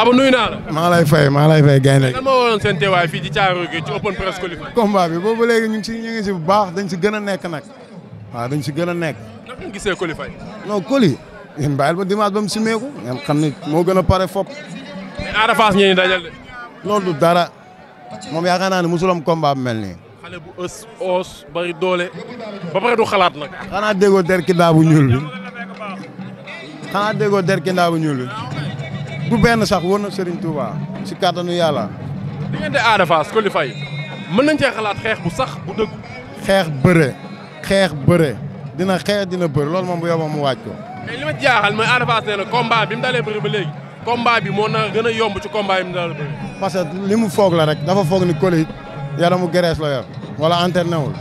Abou nuyu naa maa lay fay maa lay fay gaynde. lan moo waroon seen teewaay fii ci Thiaroye gi ci open press qualifier. combat bi boobu léegi ñu si ñu ngi si bu baax dañ si gën a nekk nag waa dañ si gën a nekk. naka nga gisee qualifier. non quali. yéen bàyyil ba dimanche ba mu simeeku. ngeen xam ne moo gën a pare fop. mais Ada Fass dajal de. du dara moom yaakaar naa ne mosul am combat bu mel nii. xale bu ës ba pare du xalaat nag. xanaa déggoo der ki daa bu ñuul bi. xanaa déggoo derkindaa bu ñuul bi benn sax wër na Serigne Touba si kàttanu yàlla. diggante Ada mën nañ cee xalaat xeex bu sax bu dëgg. xeex bëre xeex bëre dina xeex dina bëre loolu moom bu yoboo mu waaj ko. mais li ma mooy Ada Fass nee na combat bi mu dalee bëri ba léegi combat bi moo na gën a yomb ci combat yi mu dalee bëri. li mu foog la rek dafa foog ni Coly yaramu gerees la yor wala entraîné wul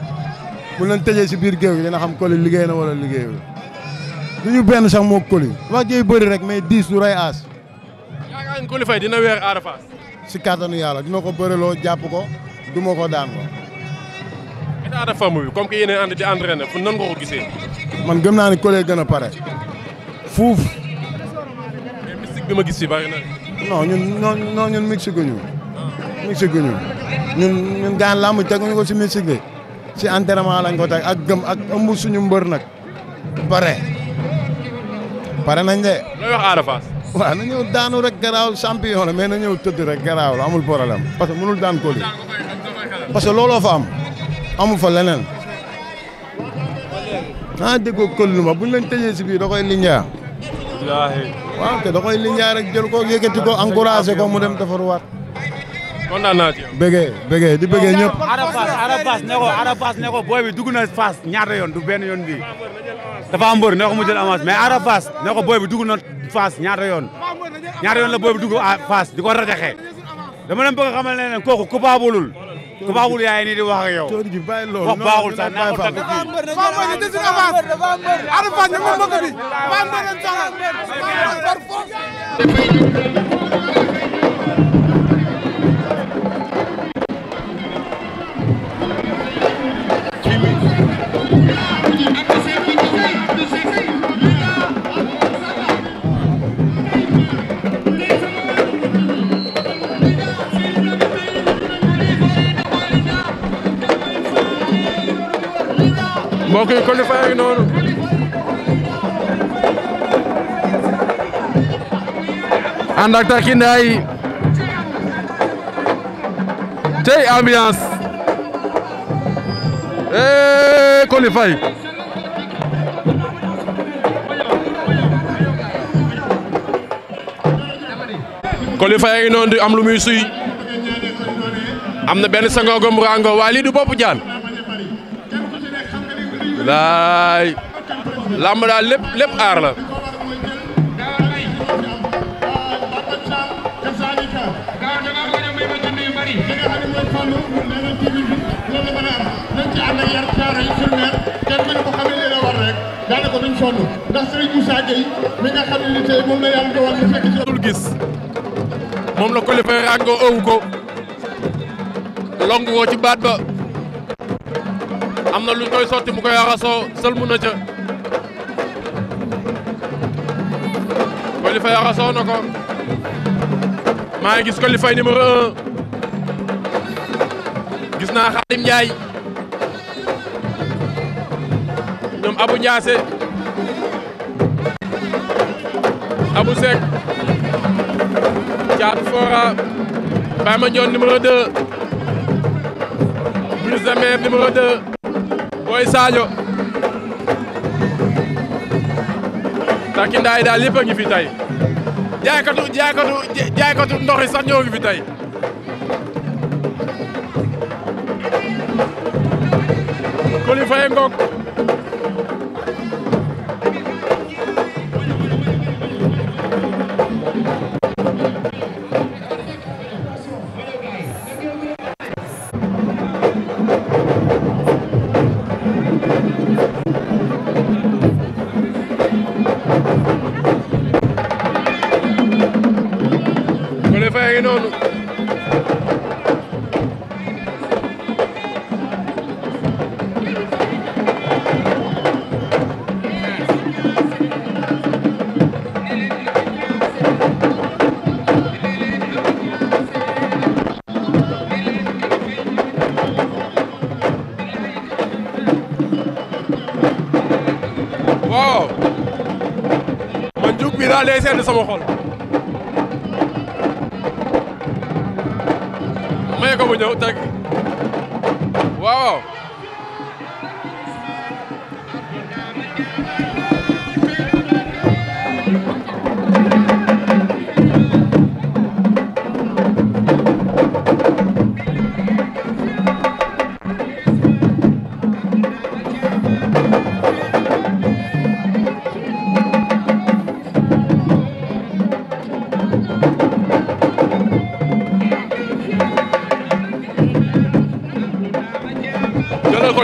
bu leen tëjee si biir géew gi dina xam Coly liggéey na wala liggéeyul. duñu benn sax moo Coly wax jëy rek mais diis du rey aas. yaakaar dina weer Ada si kàttanu yàlla dina ko bëreloo jàpp ko du ma ko daan ko. état de forme comme que yéen ànd di entraîné fu nan nga ko gisee. man gëm naa ne Coly gën a pare. fuuf. mais bi ma gis si bari na. non ñun non ñun mystique ñu. mystique gu ñu ñun ñun gaan làmb teguñu ko si mystique bi. si entraînement lañ ko teg ak gëm ak ëmb suñu mbër nag. pare. pare nañ de. looy wax Ada na ñëw daanu rek garaawul champion la mais na ñëw tëdd rek garaawul amul problème parce que mënul daan Coly que looloo fa am amul fa leneen ah déggoo Coly lu ma bu ñu leen tëjee si biir da koy linjaa. waaw te da koy linjaa rek jël ko yëkkati ko encouragé ko mu dem defaruwaat. kontaan naa ci yow. bëggee bëggee di bëggee ñëpp. Arafas Arafas ne ko Arafas ne ko booy bi dugg na Fass ñaata yoon du benn yoon bii dafa am mbër ne ko mu jël avance mais Arafas ne ko booy bi dugg na Fass ñaata yoon ñaata yoon la booy bi dugg Fass di ko rajaxe dama leen bëgg a xamal ne leen kooku di wax yow. coono ji bàyyi loolu wax baaxul sax naa ko tàggu kii. waaw mooy ñu desul avance Arafas ñu mbokk yi qualifier a noonu ànd ak takkindaay tey ambiance eh qualifier qualifier noonu am lu muy suy am na benn sango gom rango waa du bopp jaan laay làmb daal lépp lépp aar la. daanaka duñ sonn ndax Serigne Moussa Gueye mi nga xam ne tey moom la yàlla doon ñu fekk ci gis moom la ko lifay ràngoo ëw ko longu ci baat ba am na luñ koy sotti mu koy raxasoo sëlmu ca Coly Faye raxasoo maa ngi gis Coly Faye numéro gis naa Xaadim Njaay ñoom Abu Njaase Abu Seck Caatu Fora Baye Mandione numéro deux Brise de Mer numéro deux Boy Sadio takkindaay daal yëpp a ngi fi tey jaaykatu jaaykatu jaaykatu ndox yi sax ñoo ngi fi tey Coly Faye ngoog waaw man jug bi daal day sedd sama xol may ko mu ñëw teg waaw.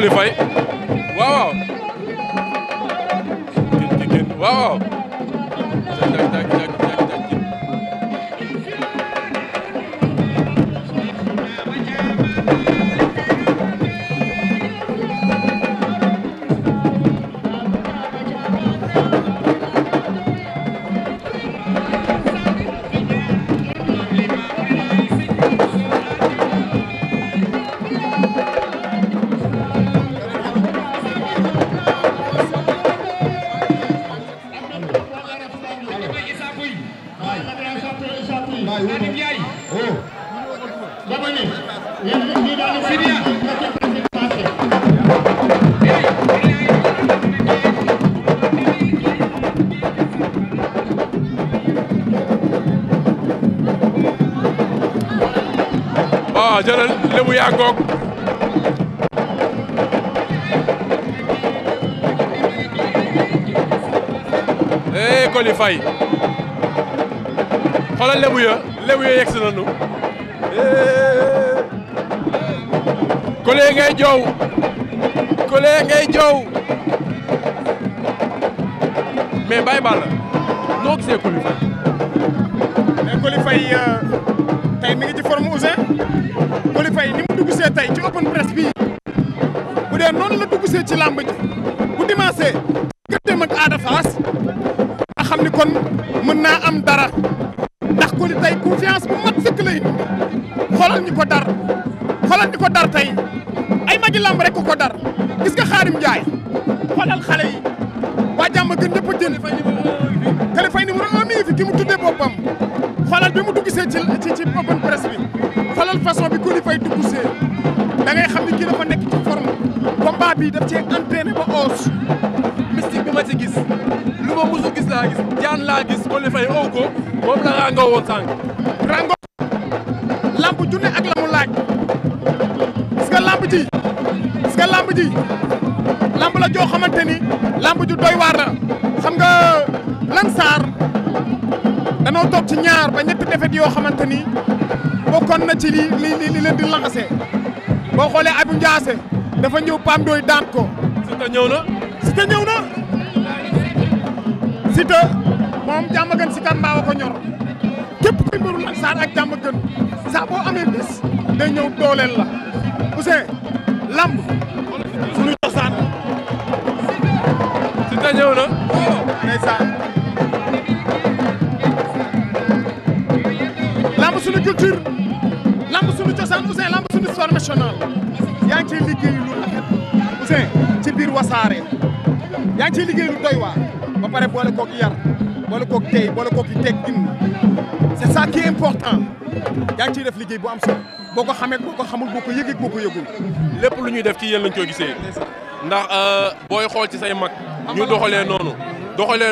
Coly Faye jëlal Lébu yaa ngoog ee eh, Coly Faye xoolal Lébu ya Lébu ya yegsi nañu Coly ngay joow Coly ngay joow mais bàyyi baal la noo gisee Coly Faye mais Coly Faye euh, mi ngi ci forme Ouzin Coly ni mu dugg tey ci open press bii bu dee noonu la dugg ci làmb ji bu dimanche gëddëm ak Ada Fass xam ni kon mën naa am dara ndax Coly tey confiance bu mat sëkk lay indi xoolal ñu ko dar xoolal ñu ko dar tey ay magi làmb rek ko dar gis nga Xaarim Njaay xoolal xale yi waa jàmm gën ñëpp a bi mu duggsee ci ci ci open press bi xoolal façon bi Coly Faye duggsee da ngay xam ni kii dafa nekk ci forme combat bi daf cee entraîné ba os mystique bi ma ci gis lu ma musu gis laa gis jaan laa gis Coly Faye ow ko moom la rangoo woon sànq rango lamb junne ak la mu laaj gis nga lamb ji gis nga lamb ji lamb la joo xamante ni lamb ju doy waar la xam nga lan saar danoo toog ci ñaar ba ñetti defet yoo xamante ni bokkoon na ci li li li leen di laxase boo xoolee Abou Ndiassé dafa ñëw Pam Doy daan ko. Siteu ñëw na. Siteu ñëw na. Siteu moom jàmm gën Siteu ko ñor képp kuy mbëru Lansar ak jàmm gën saa boo amee bis day ñëw dooleel la Ousseyn lamb. culture lamb suñu cosaan Ousseyn lamb suñu histoire nationale yaa ngi ciy liggéey lu rafet ci biir wasaare yaa ngi ciy liggéey lu doy waar ba pare boole koog yar boole koog tey boole koog teggin c'est ça qui est important yaa ngi ciy def liggéey bu am solo boo ko xamee boo ko xamul boo ko yëgee boo ko yëgul. lépp lu ñuy def ci yéen lañ koy gisee. ndax euh, booy xool ci say mag. ñu doxalee noonu.